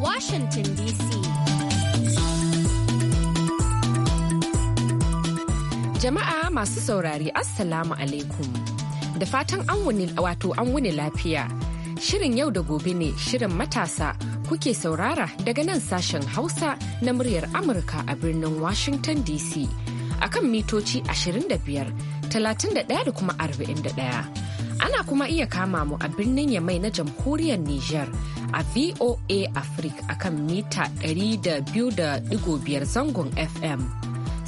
Washington DC. Jama'a masu saurari Assalamu alaikum. Da fatan an wuni wato an wuni lafiya. Shirin yau da gobe ne shirin matasa kuke saurara daga nan sashen Hausa na muryar Amurka a birnin Washington DC. akan mitoci 25, 31 da kuma 41. Ana kuma iya kama mu a birnin Yamai na jamhuriyar Nijar a VOA Africa akan mita 200.5 zangon FM.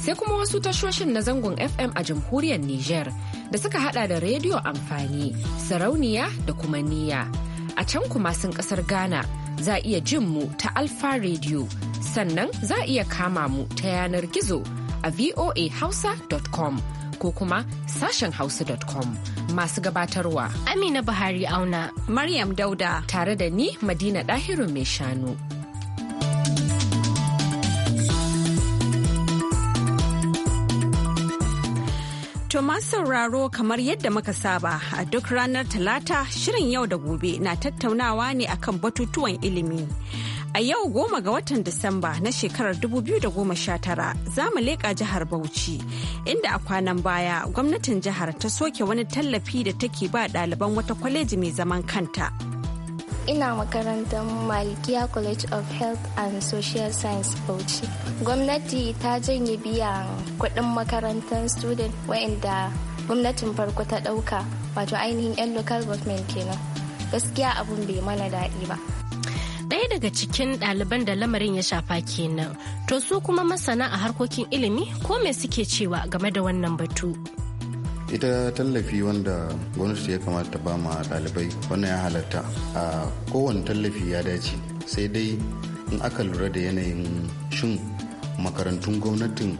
Sai kuma wasu tashoshin na zangon FM a jamhuriyar Nijar da suka hada da rediyo amfani, sarauniya da kuma niya. A can kuma sun kasar Ghana za iya jin mu ta Alfa Radio sannan za iya kama mu ta yanar gizo a voahausa.com ko kuma sashen hausa.com. masu gabatarwa. Amina Buhari Auna. Maryam Dauda. Tare da ni Madina Dahiru mai shanu. To masu sauraro kamar yadda muka saba a duk ranar talata shirin yau da gobe na tattaunawa ne akan batutuwan ilimi. A yau goma ga watan Disamba na shekarar 2019 za mu leƙa jihar Bauchi inda a kwanan baya gwamnatin jihar ta soke wani tallafi da take ba ɗaliban wata kwaleji mai zaman kanta. Ina makarantar Malikiya College of Health and Social Science Bauchi. Gwamnati ta janye biyan kuɗin makarantar student wa'inda gwamnatin farko ta ɗauka wato ainihin 'yan local government kenan. Gaskiya abun bai mana daɗi ba. ɗaya daga cikin ɗaliban da lamarin ya shafa kenan to su kuma masana a harkokin ilimi ko me suke cewa game da wannan batu ita tallafi wanda gwamnati ya kamata ta bama ɗalibai wannan ya halatta a kowane tallafi ya dace sai dai in aka lura da yanayin shin makarantun gwamnatin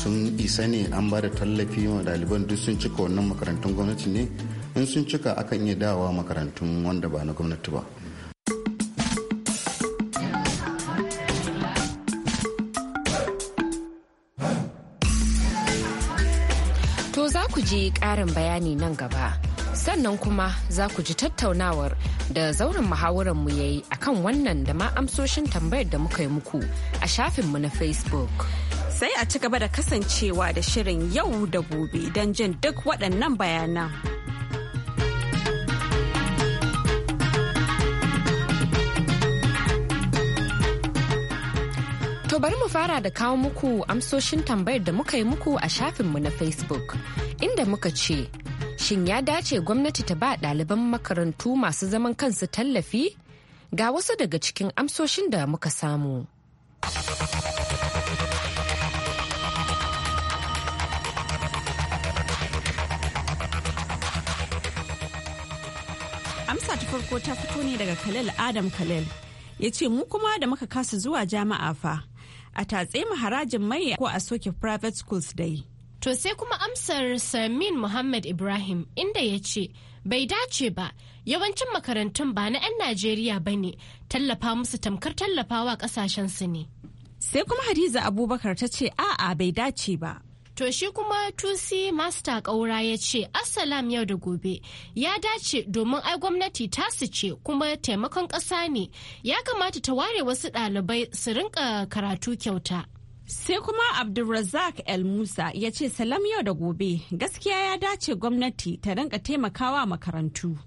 sun isa ne an ba da tallafi wa ɗaliban duk sun cika wannan makarantun gwamnati ne in sun cika akan iya dawa makarantun wanda ba na gwamnati ba ji ƙarin bayani nan gaba. Sannan kuma za ku ji tattaunawar da zauren muhawarar mu yayi akan wannan da ma amsoshin tambayar da muka yi muku a shafinmu na Facebook. Sai a ci gaba da kasancewa da shirin yau da gobe don jin duk waɗannan bayanan. To bari mu fara da kawo muku amsoshin tambayar da muka yi muku a shafinmu na Facebook. inda muka ce shin ya dace gwamnati ta ba ɗaliban makarantu masu zaman kansu tallafi ga wasu daga cikin amsoshin da muka samu. Amsa ta farko ta fito ne daga Khalil Adam Khalil ya ce mu kuma da muka kasa zuwa jama'a fa a tatse mu harajin mai ko a soke private schools dai. To sai kuma amsar Samin Muhammad Ibrahim inda ya ce, bai dace ba, yawancin makarantun ba na 'yan Najeriya ba ne, tallafa musu tamkar tallafawa su ne. Sai kuma Hadiza Abubakar ta ce, a'a bai dace ba. To shi kuma Tusi Master Kaura ya ce, Assalam yau da gobe, ya dace domin ai gwamnati tasu ce kuma taimakon ƙasa ne, ya kamata ta ware wasu ɗalibai su rinka karatu kyauta. Sai kuma Abdulrazak El Musa ya ce salam yau da gobe gaskiya ya dace gwamnati ta rinka taimakawa makarantu.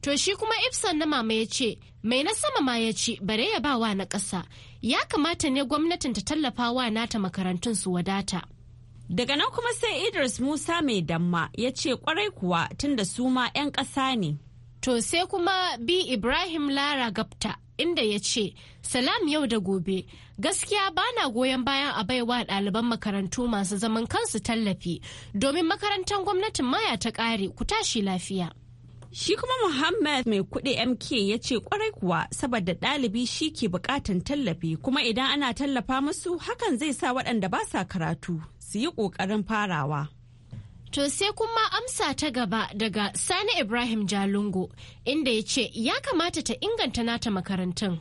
To shi kuma Ibsen na mama ya ce, mai na sama ma ya ce bare ya bawa na ƙasa, ya kamata ne gwamnatin ta tallafa wa nata makarantun su wadata. Daga nan kuma sai Idris Musa mai damma ya ce kwarai kuwa tun da su ma 'yan ƙasa ne. To sai kuma bi Ibrahim Lara Gapta inda ya ce salam yau da gobe gaskiya bana goyon bayan a baiwa ɗaliban makarantu masu zaman kansu tallafi domin makarantar gwamnatin maya ta ƙare ku tashi lafiya Shi kuma Muhammad mai kuɗi MK ya ce kwarai kuwa saboda ɗalibi shi ke buƙatan tallafi kuma idan ana tallafa musu hakan zai sa waɗanda ba sa karatu su yi ƙoƙarin farawa. To sai kuma amsa ta gaba daga Sani Ibrahim Jalungo inda ya ce ya kamata ta inganta nata makarantun.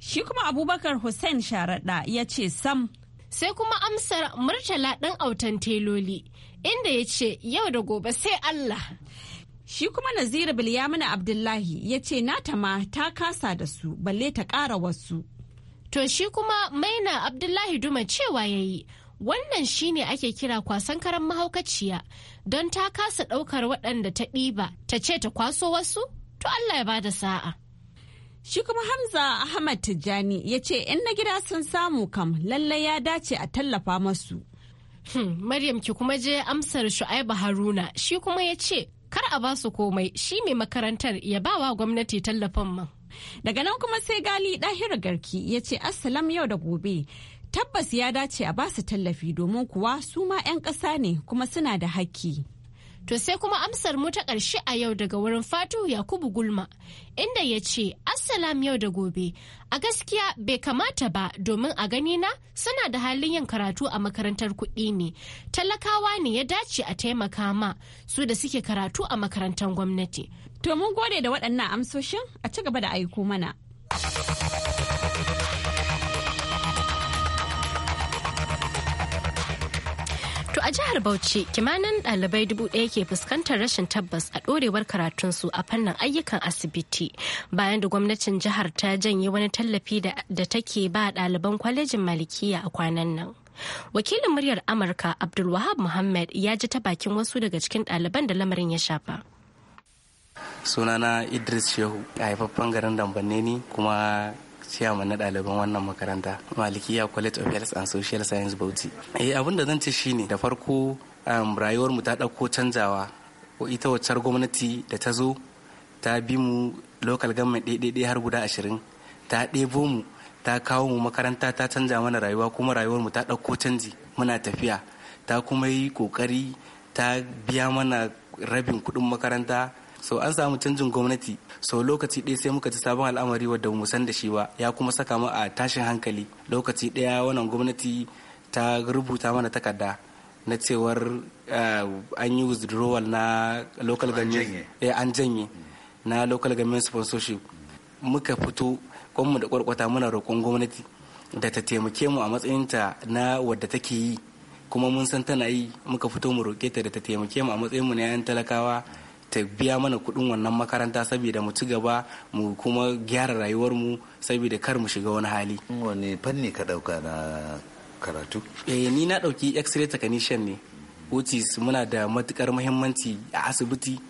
Shi kuma Abubakar Hussein Sharaɗa ya ce sam. Sai kuma amsar Murtala ɗan autan teloli inda ya ce yau da gobe sai Allah. Shi kuma Naziru Bilyamina Abdullahi ya ce nata ma ta kasa da su balle ta ƙara wasu. To shi kuma Maina Abdullahi Duma cewa ya yi. Wannan shine ake kira kwasan karan mahaukaciya don ta kasa ɗaukar waɗanda ta ɗiba ta ce ta kwaso wasu to Allah ya bada sa'a. Shi kuma Hamza Ahmad Tijjani ya ce in na gida sun samu kam lallai ya dace a tallafa masu. Hmm, Maryam ki kuma je amsar Shu'aibu Haruna shi kuma ya ce kar a basu komai shi mai makarantar ya bawa gwamnati tallafin man. Daga nan kuma sai gali ɗahir garki ya ce Assalam yau da gobe tabbas ya dace a basu tallafi domin kuwa su ma 'yan ƙasa ne kuma suna da haƙƙi. To sai kuma amsar mu ta ƙarshe a yau daga wurin Fatu Yakubu Gulma, inda ya ce, Assalam yau da gobe, a gaskiya bai kamata ba domin a gani na suna da halin yin karatu a makarantar kuɗi ne. Talakawa ne ya dace a taimaka ma su da suke karatu a makarantar gwamnati. To mun gode da waɗannan amsoshin a ci gaba da aiko mana. To a jihar Bauchi kimanin ɗalibai dubu ɗaya ke fuskantar rashin tabbas a ɗorewar karatunsu a fannin ayyukan asibiti bayan da gwamnatin jihar ta janye wani tallafi da take ba ɗaliban kwalejin malikiya a kwanan nan. Wakilin muryar Amurka Abdulwahab Muhammad ya ji ta bakin wasu daga cikin ɗaliban da lamarin ya shafa. Sunana Idris Shehu, haifaffen garin Dambanne ne kuma ciyaman na ɗaliban wannan makaranta malikiya college of health and social science bauchi eh abin da zan ce shine da farko um, rayuwar mu ta ɗauko canjawa ko ita waccar gwamnati da ta zo ta bi mu local government dai har guda ashirin ta ɗebo mu ta kawo mu makaranta ta canja mana rayuwa kuma rayuwar mu ta ɗauko canji muna tafiya ta kuma yi ƙoƙari ta biya mana rabin kuɗin makaranta so an samu canjin gwamnati so lokaci ɗaya sai muka ci sabon al'amari wadda mu san da shi ba ya kuma saka mu a tashin hankali lokaci ɗaya wannan gwamnati ta rubuta mana takarda na cewar eh, an yi withdrawal na local government eh, an janye hmm. na local government sponsorship hmm. muka fito kwanmu da kwarkwata muna roƙon gwamnati da ta taimake mu a matsayinta na wadda take yi kuma mun san tana yi muka fito mu roƙe ta da ta taimake mu a matsayin matsayinmu na 'yan talakawa ta biya mana kuɗin wannan makaranta saboda mu ci gaba mu kuma gyara rayuwarmu saboda kar mu shiga wani hali. Wani fanni ka ɗauka na karatu? Eh ni na ɗauki X-ray technician ne. Otis muna da matukar muhimmanci a asibiti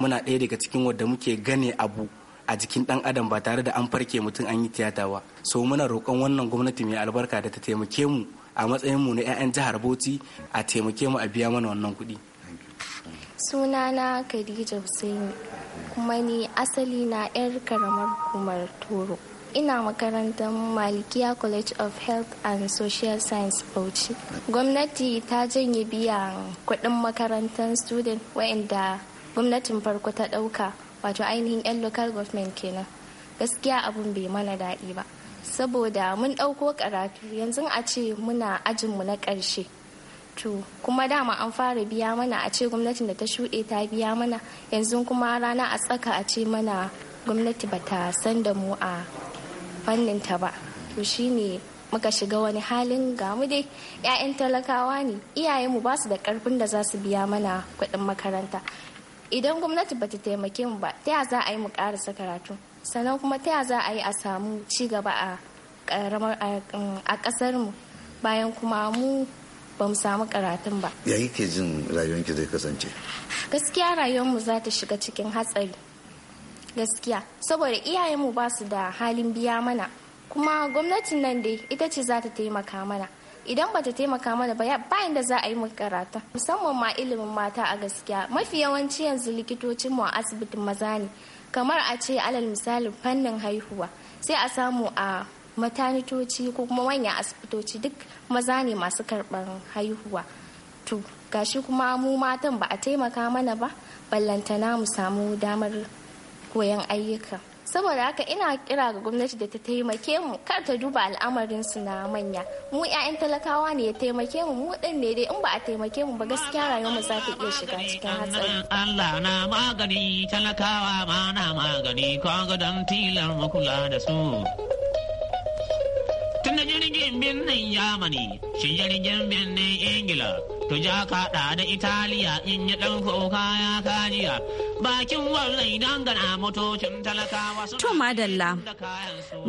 muna ɗaya daga cikin wadda muke gane abu a jikin ɗan adam ba tare da an farke mutum an yi tiyata ba. So muna roƙon wannan gwamnati mai albarka da ta taimake mu a matsayin mu na 'ya'yan jihar Bauchi a taimake mu a biya mana wannan kuɗi. sunana khadija Hussaini kuma ni asali na 'yar karamar hukumar toro ina makarantar malikiya college of health and social science bauchi gwamnati ta janye biyan kuɗin makarantar student wa'inda gwamnatin farko ta ɗauka wato ainihin 'yan local government kenan gaskiya abun bai mana daɗi ba saboda mun ɗauko karatu yanzu a ce muna ajinmu na ƙarshe to kuma dama an fara biya mana a ce gwamnatin da ta shuɗe ta biya mana yanzu kuma rana a tsaka a ce mana gwamnati ba ta san da mu a fannin ta ba to shine muka shiga wani halin gamu dai 'ya'yan talakawa ne iyayenmu ba su da karfin da za su biya mana kuɗin makaranta idan gwamnati ba ta taimake mu ba ta ya za a yi mu karasa karatu sannan kuma ta ya za a yi a samu ci gaba a ƙasar mu bayan kuma mu ba mu samu karatun ba ya ke jin rayuwanki zai kasance gaskiya rayuwarmu za ta shiga cikin hatsari gaskiya saboda iyayenmu ba su da halin biya mana kuma gwamnatin nan dai ita ce za ta taimaka mana idan ba ta taimaka mana ba bayan da za a yi mu karatu musamman ma ilimin mata a gaskiya mafi yawanci yanzu likitocin mu a asibitin maza ne kamar a ce alal misalin fannin haihuwa sai a samu a matanitoci ko kuma manyan asibitoci duk maza ne masu karɓar haihuwa to gashi kuma mu matan ba a taimaka mana ba ballantana mu samu damar koyan ayyuka saboda haka ina kira ga gwamnati da ta taimake mu kar ta duba al'amarin su na manya mu 'ya'yan talakawa ne ya taimake mu mu din ne dai in ba a taimake mu ba gaskiya rayuwar mu za ta iya shiga cikin hatsari Allah na magani talakawa ma na magani kaga dan tilar mu kula da su jirgin birnin Yamani, shi jirgin birnin Ingila, to ja kaɗa da Italiya in yi ɗan kuka ya kajiya. Bakin wannan idan gana motocin talakawa To madalla,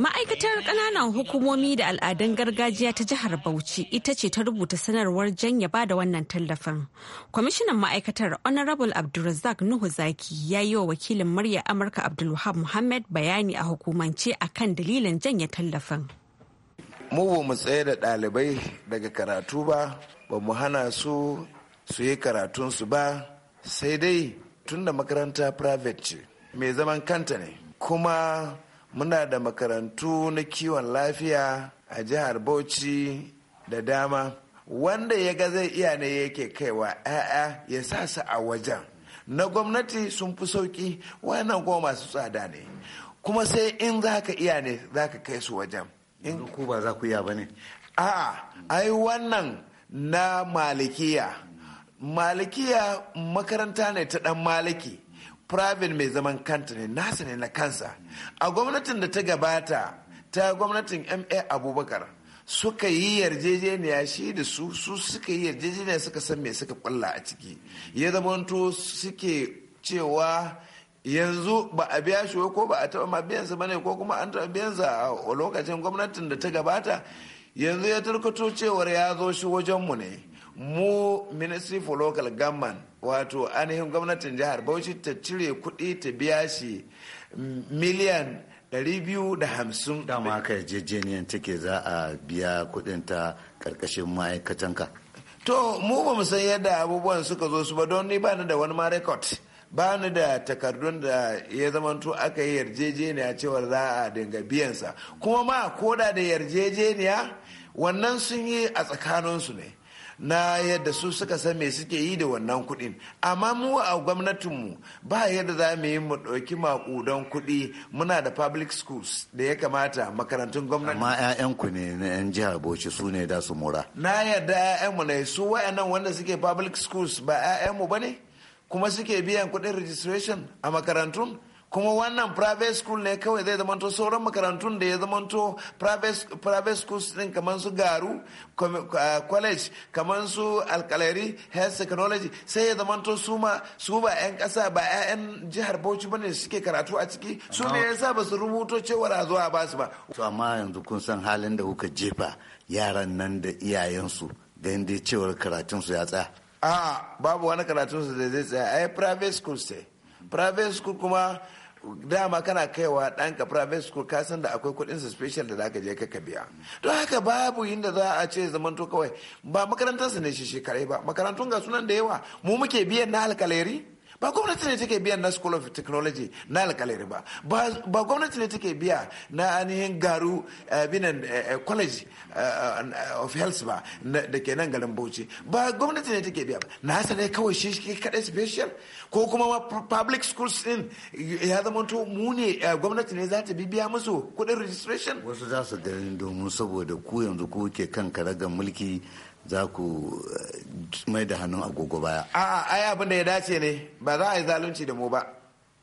ma'aikatar ƙananan hukumomi da al'adun gargajiya ta jihar Bauchi ita ce ta rubuta sanarwar janya ba da wannan tallafin. Kwamishinan ma'aikatar Honorable Abdulrazak Nuhu Zaki ya yi wa wakilin murya Amurka Abdulwahab Muhammad bayani a hukumance akan dalilin janya tallafin. mu ba mu tsaye da ɗalibai daga karatu ba ba mu hana su su yi karatunsu ba sai dai tun da makaranta private ce mai zaman kanta ne kuma muna da makarantu na kiwon lafiya a jihar bauchi da dama wanda ya ga zai iya ne yake kaiwa 'ya'ya ya sa su a wajen na gwamnati sun fi sauki wannan kuma masu tsada ne kuma sai in za ka iya ne za ka kai su wajen in ku ba za ku yi ba ne a'a ai wannan na malikiya malikiya makaranta ne ta dan maliki private mai zaman kanta ne nasa ne na kansa a gwamnatin da ta gabata ta gwamnatin ma abubakar suka yi yarjejeniya shi da su su suka yi yarjejeniya suka san me suka kwalla a ciki ya zamanto suke cewa yanzu ba a biya shi ko ba a taba ma biyansa ba ne ko kuma an taɓa biyansa a lokacin gwamnatin da ta gabata yanzu ya tarkato cewar ya zo shi wajenmu ne mu ministry for local government wato ainihin gwamnatin jihar bauchi ta cire kuɗi ta biya shi miliyan 250 dama haka yarjejeniyar take za a biya kuɗin ta ƙarƙashin ma'aikatanka to mu ba san yadda abubuwan suka zo su ba don ni ba da wani ma record ba ni da takardun da ya zamanto aka yi yarjejeniya cewa za a dinga biyansa kuma ma koda da yarjejeniya wannan sun yi a tsakaninsu ne na yadda su suka san me suke yi da wannan kuɗin amma mu a gwamnatinmu ba yadda za mu yi mu ɗauki makudan kuɗi muna da public schools da ya kamata makarantun gwamnati amma 'ya'yanku ne na 'yan jihar bauchi su ne da su mura na yadda 'ya'yanmu ne su wa'annan wanda suke public schools ba 'ya'yanmu ba ne kuma suke biyan kuɗin registration a makarantun kuma wannan private school ne kawai zai zamanto sauran makarantun da ya zamanto private schools din kamar su garu college kamar su alkalari health technology sai ya zamanto su ma su ba 'yan kasa ba 'ya'yan jihar bauchi bane suke karatu a ciki su ne yasa ba su rubuto cewa a zuwa ba su ba to amma yanzu kun san halin da kuka jefa yaran nan da iyayensu da yadda cewar karatunsu ya tsaya a ah, babu wani karatun su da zai tsaya ai private school ce private school kuma dama kana kaiwa ɗanka private school ka san da akwai kuɗin su special da zaka je ka biya don haka babu inda za a ce zamanto kawai ba makarantar su ne shi shekarai ba makarantun ga sunan da yawa mu muke biyan na alkalari ba gwamnati ne take biya na school of technology na alkalari ba ba gwamnati ne take biya na ainihin garu eh, binan eh, eh, college of health ba da ke nan garin bauchi ba gwamnati ne take biya ba na hasa ne kawai shi shi kadai special ko kuma public schools din ya zama to mu ne gwamnati ne za ta biya musu kudin registration wasu za su ganin domin saboda ku yanzu ku ke kan karagar mulki za ku eh, mai da hannun agogo baya. A'a, ai abin da ya dace ne, ba za a yi zalunci da mu ba.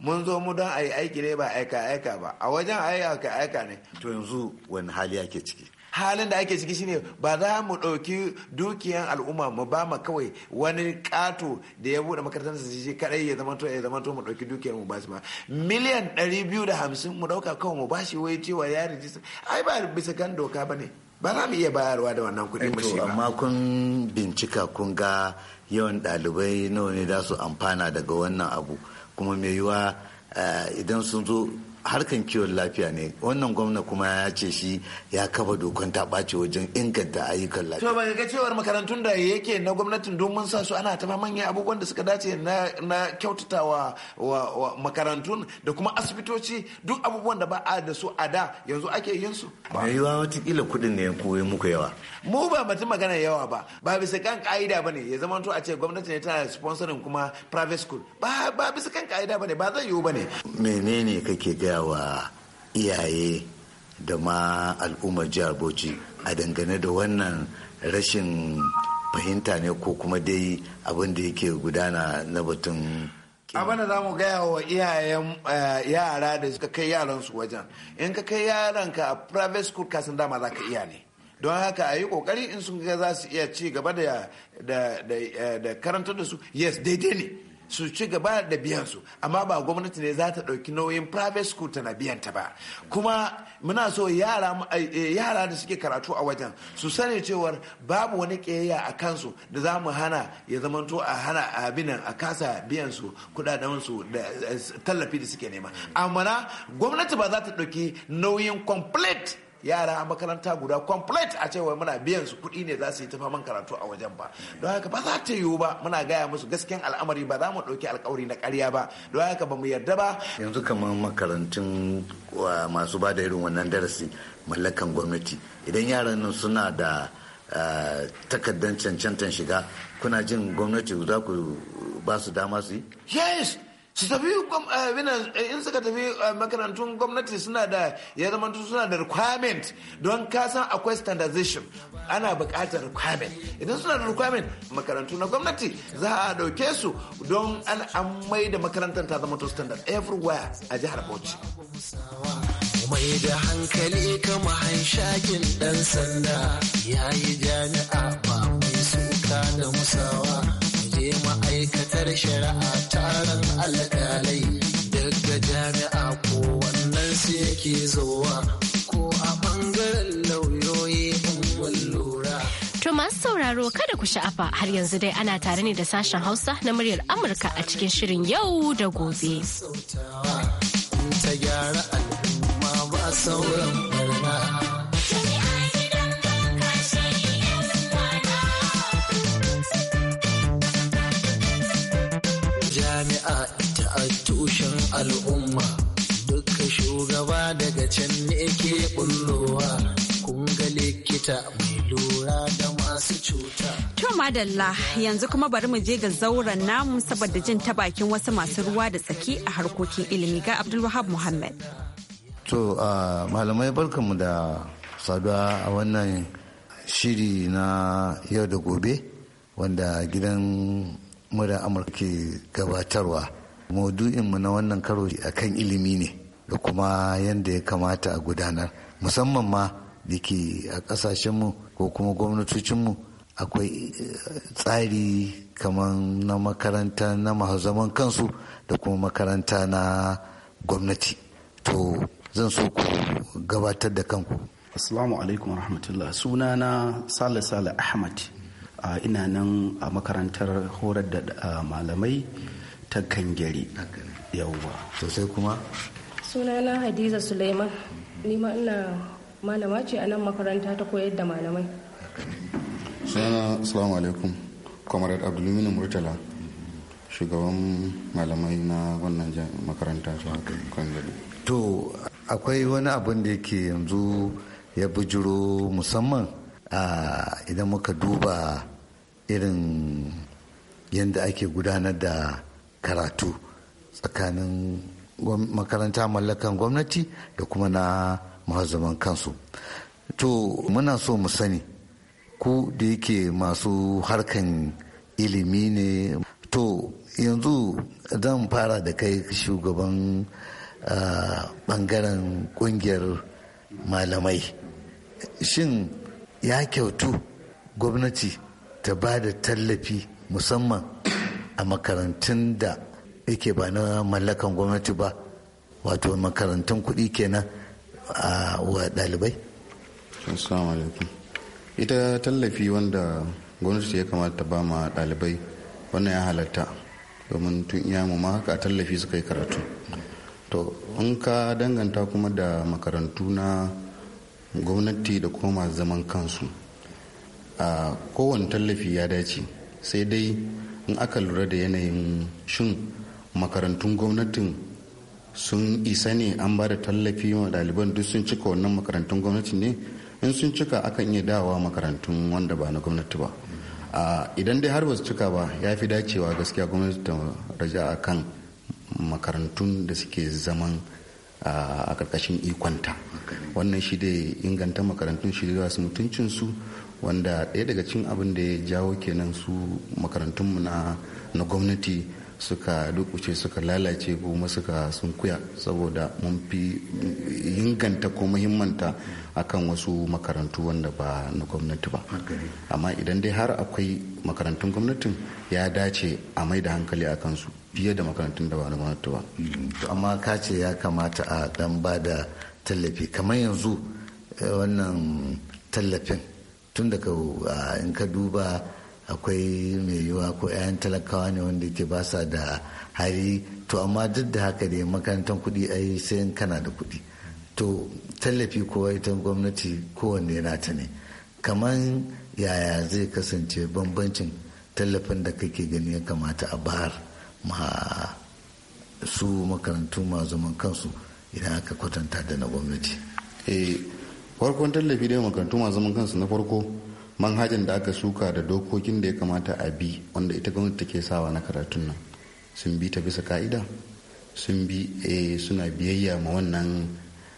Mun zo mu don a yi aiki ne ba aika-aika ba, a wajen a yi aika-aika ne. To yanzu wani hali ake ciki? halin da ake ciki shine ba za mu ɗauki dukiyan al'umma mu ba ma kawai wani ƙato da ya buɗe makarantar su shi kadai ya zama to ya zama to mu ɗauki dukiyan mu ba su ma. miliyan 250 mu ɗauka kawai mu ba shi wai cewa ya rijista ai ba bisa kan doka ba ne ba za mu iya bayarwa da wannan kuɗin ba amma kun bincika kun ga yawan ɗalibai nawa ne za su amfana daga wannan abu kuma mai yiwa eh, idan sun zo harkan kiwon lafiya ne wannan gwamna kuma ya ce shi ya kafa dokan ta ɓace wajen inganta ayyukan lafiya. to baka ga cewar makarantun da yake na gwamnatin domin sa su ana tafa manyan abubuwan da suka dace na kyautata wa makarantun da kuma asibitoci duk abubuwan da ba a da su a da yanzu ake yin su. yi yiwa watakila kuɗin ne ya koyi muku yawa. mu ba mutum magana yawa ba ba bisa kan ka'ida ba ne ya zama to a ce gwamnati ne tana sponsorin kuma private school ba bisa kan ka'ida ba ne ba zai yiwu ba ne. menene kake gaya wa iyaye da ma al'ummar jihar bauchi a dangane da wannan rashin fahimta ne ko kuma dai abin da yake gudana na batun abin da za mu gaya wa iyayen eh, yara da suka kai yaransu wajen in ka kai yaranka a private school kasan dama za ka iya ne don haka a yi kokari in sun ga za su iya ci gaba da eh, karantar da su yes daidai ne su ci gaba da biyan su amma ba gwamnati ne za ta ɗauki nauyin private school tana biyan ta ba kuma muna so yara eh, eh, yara da suke karatu a wajen su sani cewar babu wani ƙiyayya a kansu da za mu hana ya zamanto a hana abinan a kasa biyan su kudaden su da eh, tallafi da suke nema amma gwamnati ba za ta ɗauki nauyin complete yara a makaranta guda complete a cewa muna biyan su kuɗi ne za su yi tafaman karatu a wajen ba don haka ba za ta yiwu ba muna gaya musu gaskiyan al'amari ba za mu ɗauki alkawari na karya ba don haka ba mu yarda ba yanzu kamar makarantun masu ba da irin wannan darasi mallakan gwamnati idan yaran nan suna da takardar cancantar shiga kuna jin gwamnati za ku ba su dama su yi su tafi eh, eh, in suka tafi eh, makarantun gwamnati suna da ya zama suna da requirement don kasan akwai standardization ana buƙatar requirement idan suna da requirement makarantu na gwamnati za a ɗauke su don an amai da makarantar ta zama to standard everywhere a jihar bauchi mai da hankali kama hanshakin dan sanda ya yi jami'a ba mai suka da musawa ma'aikatar shari'a taron alƙalai daga jami'a ko wannan su yake zowa ko a ɓangaren lauyoyi in lura. To masu sauraro kada ku sha'afa har yanzu dai ana tare ne da sashen Hausa na muryar Amurka a cikin shirin yau da gobe. Ta gyara al'umma ba sauran barna. jami'a ita a tushen al'umma duka shugaba daga can ne ke bullowa kun ga likita mai lura da masu cuta. To madalla yanzu kuma bari mu je ga zauren namu saboda jin ta bakin wasu masu ruwa da tsaki a harkokin ilimi ga Abdulwahab Muhammad. To malamai barkanmu da saduwa a wannan shiri na yau da gobe wanda gidan murar amurka ke gabatarwa mu na wannan karo a kan ilimi ne da kuma yadda ya kamata a gudanar musamman ma da ke a ƙasashenmu ko kuma gwamnatocinmu akwai eh, tsari kamar na makaranta na masu zaman kansu da kuma makaranta na gwamnati to zan so ku gabatar da kanku assalamu alaikum rahmatullah sunana sale sale ahmad A ah, ina nan a makarantar horar da ah, malamai ta kangare yauwa sosai kuma sunana hadiza suleiman nima ina malama ce a nan makaranta ta koyar da malamai sunana assalamu alaikum comrade abdulminu murtala shugaban malamai na wannan makaranta su haka kangare to akwai wani abin da yake yanzu ya bujiro musamman idan muka duba irin yadda ake gudanar da karatu tsakanin makaranta mallakan gwamnati da kuma na mahazaman kansu to muna so mu sani ku da yake masu harkan ilimi ne to yanzu zan fara da kai shugaban bangaren kungiyar malamai shin ya kyautu gwamnati ta ba da tallafi musamman a makarantun da yake ba na mallakan gwamnati ba wato makarantun kuɗi kenan a wa ɗalibai assalamu alaikum ita tallafi wanda gwamnati ya kamata ba ma ɗalibai wannan ya halatta domin tun iya mu ma haka tallafi suka yi karatu to in ka danganta kuma da makarantu na gwamnati da kuma masu zaman kansu a kowane tallafi ya dace sai dai in aka lura da yanayin shin makarantun gwamnatin sun isa ne an ba da tallafi wa ɗaliban duk sun cika wannan makarantun gwamnati ne in sun cika akan iya dawa makarantun wanda ba na gwamnati ba idan dai har ba su cika ba ya fi dacewa gaskiya gwamnati ta raja a kan makarantun da suke zaman a ƙarƙashin ikonta wannan shi da inganta makarantun shi da su mutuncinsu wanda ɗaya daga cin abin da ya jawo kenan su makarantunmu na na gwamnati suka dukuce suka lalace kuma suka kuya saboda mun fi inganta ko muhimmanta akan wasu makarantu wanda ba na gwamnati ba amma idan dai har akwai makarantun gwamnatin ya dace a mai da hankali a kansu fiye da makarantun da ba na gwamnati ba mm. amma ka ya kamata a dan ba da tallafi kamar yanzu eh, wannan tallafin tun daga in ka duba akwai mai yiwa ko 'ya'yan talakawa ne wanda ke ba sa da hari to amma duk da haka dai makarantar kuɗi ai sai kana da kuɗi to tallafi ko ita gwamnati kowanne na ta ne kamar yaya zai kasance bambancin tallafin da kake gani ya kamata a bahar ma su makarantu ma zaman kansu idan aka kwatanta da na gwamnati eh, farkon tallafi da makarantu masu zaman kansu na farko manhajan da aka suka da dokokin da ya kamata a bi wanda ita gwamnati take sawa na karatun nan sun bi ta bisa ka'ida sun bi eh, suna biyayya ma wannan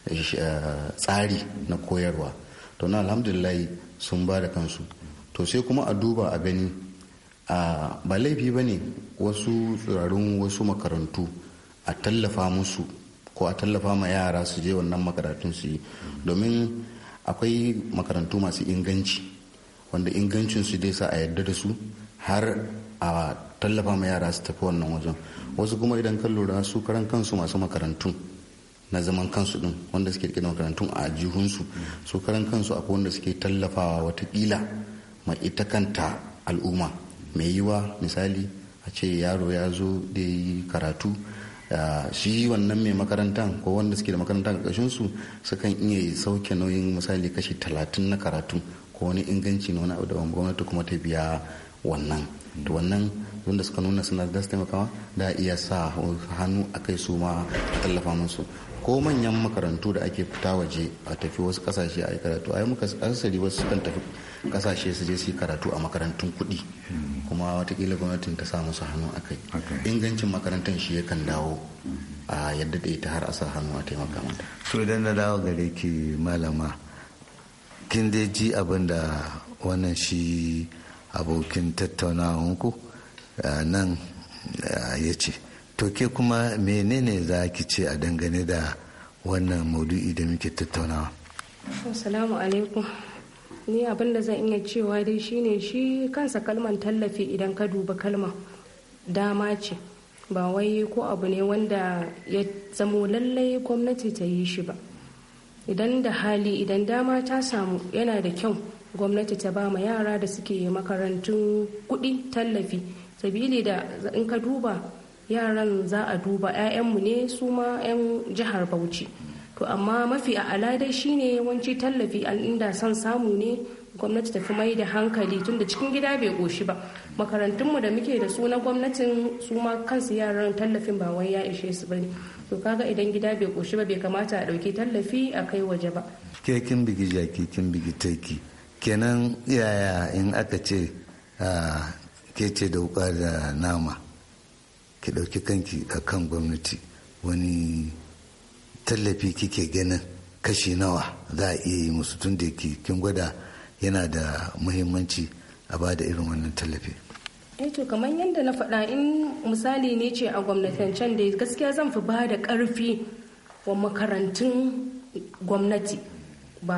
eh, ah, tsari na koyarwa to na alhamdulillah sun ba da kansu to sai kuma a duba a gani ba laifi ba ne wasu tsirarun wasu makarantu a tallafa musu ko a tallafa ma yara su je wannan makarantun su yi domin akwai makarantu masu inganci wanda ingancin su dai sa a yarda da su har a tallafa ma yara su tafi wannan wajen wasu kuma idan kan lura su karan kansu masu makarantun na zaman kansu din wanda suke rike da makarantun a ajihunsu su karan kansu akwai wanda suke tallafawa watakila ma ita kanta al'umma mai yiwa misali a ce yaro ya zo da yi karatu Ah, shi wannan mai makarantan ko wanda suke da makaranta ƙarƙashin su sukan iya sauke nauyin misali kashi talatin na karatu ko wani inganci na wani abu wani gwamnati kuma ta biya wannan wannan wanda suka nuna suna da su taimakawa da iya sa hannu a kai su ma a tallafa musu ko manyan makarantu da ake fita waje a tafi wasu kasashe a yi karatu ai muka asali wasu sukan tafi kasashe su je su yi karatu a makarantun kuɗi kuma watakila gwamnatin ta sa musu hannu a kai ingancin makarantar shi yakan dawo a yadda da ita har a sa hannu a taimaka mata so idan na dawo gare ki malama kin dai ji abin da wannan shi abokin tattaunawa ku nan ya ce toke ke kuma menene za ki ce a dangane da wannan maudu'i da muke tattaunawa assalamu alaikum ni abin da zan iya cewa dai shine shi kansa kalman tallafi idan ka duba kalma dama ce ba wai ko abu ne wanda ya zamo lallai gwamnati ta yi shi ba idan da hali idan dama ta samu yana da kyau gwamnati ta ba ma yara da suke makarantun kudi tallafi sabili da in ka duba yaran za a duba 'ya'yanmu ne su ma 'yan jihar bauchi to amma mafi a aladai shine yawanci tallafi inda son samu ne gwamnati fi mai da hankali tun da cikin gida bai goshi ba makarantunmu da muke da su na gwamnatin su ma kansu yaran tallafin ba wai ya ishe su bane to kaga idan gida bai goshi ba bai kamata a ɗauki tallafi a kai waje ba ke bigi jaki kin bigi taiki kenan yaya in aka ce ah, kece da wuka da nama ki ɗauki kanki a kan gwamnati wani tallafi kike ganin kashi nawa za a iya yi musu tun da kin gwada yana da muhimmanci a ba da irin wannan tallafi eh to kamar yadda na faɗa in misali ne ce a gwamnatancen da gaskiya zan fi ba da ƙarfi wa makarantun gwamnati ba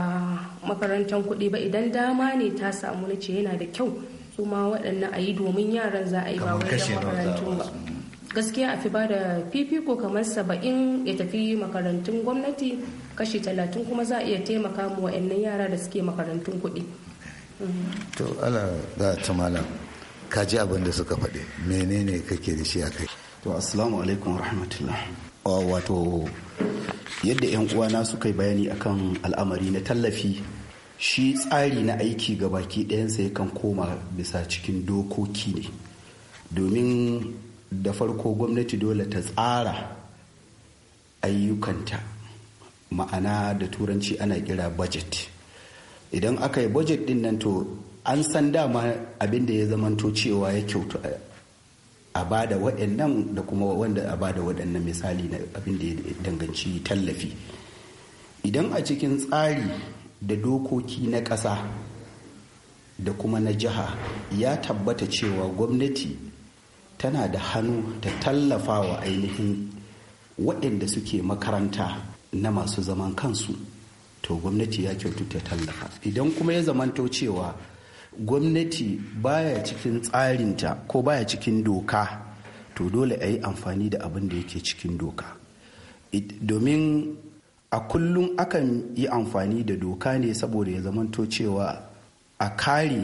makarantar kuɗi ba idan dama ne ta samu na ce yana da kyau kuma waɗannan a yi domin yaran za a yi ba wajen da makarantu ba gaskiya a fi ba da fifiko kamar saba'in ya tafi makarantun gwamnati kashi talatin kuma za a iya taimaka mu waɗannan yara da suke makarantun kuɗi to ala za ta malam ka ji abin da suka faɗi menene kake da shi a kai to assalamu alaikum rahmatullah wato yadda yan uwana suka yi bayani akan al'amari na tallafi shi tsari na aiki ga baki ɗayansa yakan koma bisa cikin dokoki ne domin da farko gwamnati dole ta tsara ayyukanta ma'ana da turanci ana kira budget idan aka yi budget din nan to an san dama abin da ya zamanto cewa ya kyautu a bada waɗannan da kuma wanda a bada waɗannan misali na abin da ya danganci tallafi idan a cikin tsari da dokoki na ƙasa da kuma na jiha ya tabbata cewa gwamnati tana da hannu ta tallafa wa ainihin waɗanda suke makaranta na masu zaman kansu to gwamnati ya kyautu ta tallafa idan kuma ya zamanto cewa gwamnati baya cikin tsarinta ko baya cikin doka to dole a yi amfani da abin da yake cikin doka domin a kullum akan yi amfani da doka ne saboda ya zamanto cewa a kare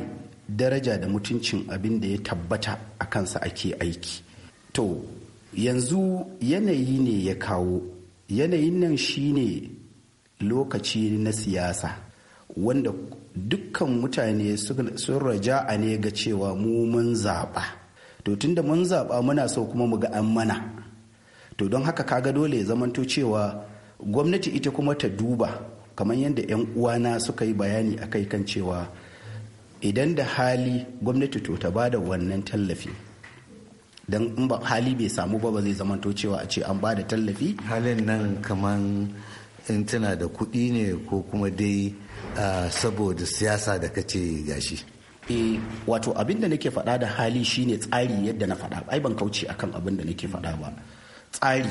daraja da mutuncin abin da ya tabbata a kansa ake aiki to yanzu yanayi ne ya kawo yanayin nan shi ne lokaci na siyasa wanda dukkan mutane sun raja a ne ga cewa mu mun zaɓa to tunda mun zaɓa muna so kuma mu ga an mana to don haka kaga dole ya zamanto cewa gwamnati ita kuma ta duba kamar yadda 'yan uwana suka yi bayani a kai kan cewa idan da hali gwamnati to ta bada wannan tallafi don in ba hali bai samu ba ba zai zamanto cewa a ce an bada tallafi halin nan kaman in tana da kuɗi ne ko kuma dai saboda siyasa da ka ce gashi e wato abin da nake faɗa da hali shine tsari yadda na faɗa ai ban kauce akan abin da nake faɗa ba tsari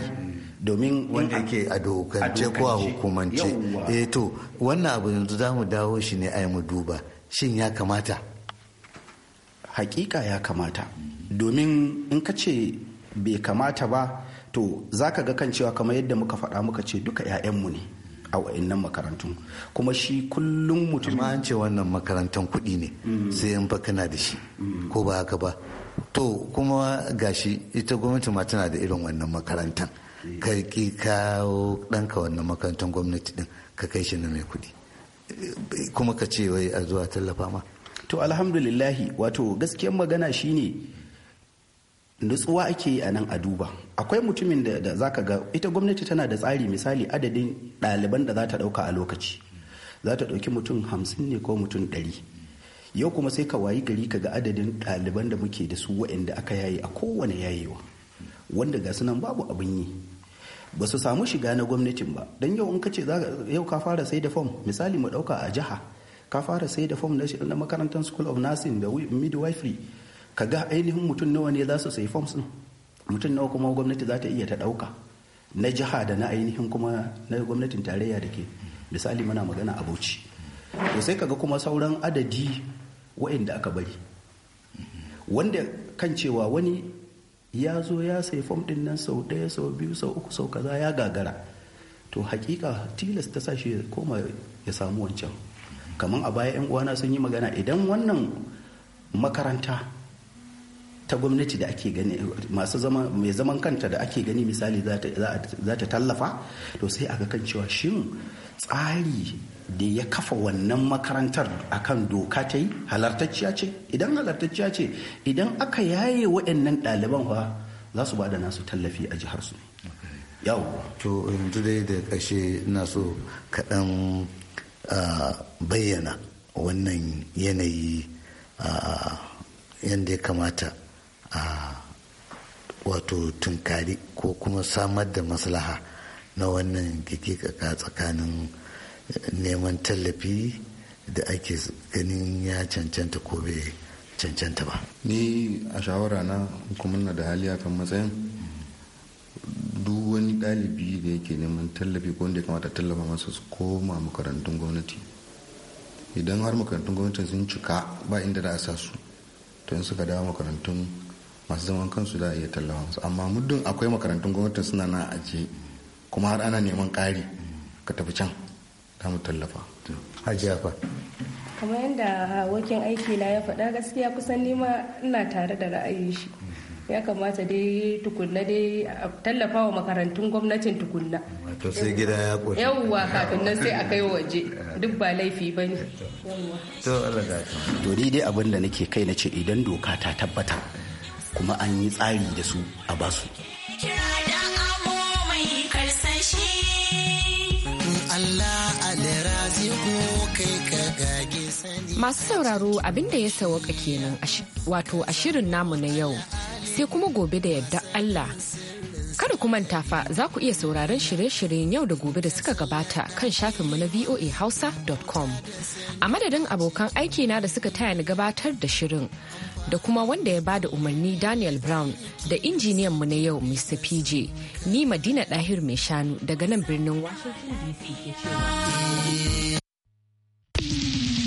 domin wanda yake a dokance ko a hukumance eh to wannan abu yanzu za mu dawo shi ne a mu duba shin ya kamata hakika ya kamata domin in ka ce bai kamata ba to za ka ga kan cewa kamar yadda muka faɗa muka ce duka 'ya'yanmu ne a wa'annan makarantun kuma shi kullum mutum an ce wannan makarantar kuɗi ne mm. sai in fa kana da shi mm. ko ba haka ba to kuma gashi ita gwamnati ma tana da irin wannan makarantar ka ki kawo ɗanka wannan makarantar gwamnati din ka kai shi na mai kuɗi kuma ka ce wai a zuwa tallafa ma to alhamdulillahi wato gaskiyar magana shine nutsuwa ake yi a nan a duba akwai mutumin da za ka ga ita gwamnati tana da tsari misali adadin ɗaliban da za ta ɗauka a lokaci za ta ɗauki mutum hamsin ne ko mutum ɗari yau kuma sai ka wayi gari ka ga adadin ɗaliban da muke da su waɗanda aka yaye a kowane yayewa wanda ga sunan babu abin yi ba su samu shiga na gwamnatin ba don yau in ka ce yau ka fara sai da fom misali mu ɗauka a jiha ka fara sai da fom na makarantar school of nursing da midwifery ka ga ainihin mutum nawa ne za su sai fom sun mutum nawa kuma gwamnati za ta iya ta ɗauka na jiha da na ainihin kuma na gwamnatin tarayya da ke misali muna magana a bauchi to sai kaga kuma sauran adadi wa'inda aka bari wanda kan cewa wani ya zo ya sai fom din nan sau ɗaya sau biyu sau uku sau kaza ya gagara to hakika tilas ta sashi ya koma ya samu wancan kamar a baya 'yan uwana sun yi magana idan wannan makaranta ta gwamnati da ake gani masu zama mai zaman kanta da ake gani misali za ta tallafa to sai aga kan cewa shin tsari da ya kafa wannan makarantar a kan doka ta yi halartacciya ce idan halartacciya ce idan aka yaye waɗannan ɗaliban fa za su bada nasu tallafi a jihar su yau to yanzu dai da ƙashe na so kaɗan bayyana wannan yanayi yadda ya kamata a wato tunkari ko kuma samar da maslaha na wannan kikikaka tsakanin neman tallafi da ake ganin ya cancanta ko bai cancanta ba ni a shawara na kuma na da hali kan matsayin duk wani ɗalibi da yake neman tallafi ko wanda ya kamata tallafa masa su koma makarantun gwamnati idan har makarantun gwamnati sun cika ba inda da a sa su to in suka dawo makarantun masu zaman kansu da iya tallafa masu amma muddin akwai makarantun gwamnati suna na ajiye kuma har ana neman ƙari ka tafi can ta mu tallafa hajiya fa kamar yadda wakin aiki na ya faɗa gaskiya kusan nima ina tare da ra'ayin shi ya kamata dai tukunna dai tallafa wa makarantun gwamnatin tukunna to sai gida ya ƙoshi yawwa kafin nan sai a kai waje duk ba laifi ba ne to ni dai abin da nake kai na ce idan doka ta tabbata kuma an yi tsari da su a basu. Masu sauraro abin da ya sawaka kenan wato a shirin namu na yau sai kuma gobe da yadda Allah. Kada ku manta fa za ku iya sauraron shirye-shiryen yau da gobe da suka gabata kan shafinmu na voahausa.com. A madadin abokan aiki na da suka taya ni gabatar da shirin da kuma wanda ya bada umarni Daniel Brown da injiniyan mu na yau Mr. PJ ni Madina Dahir mai shanu daga nan birnin Washington DC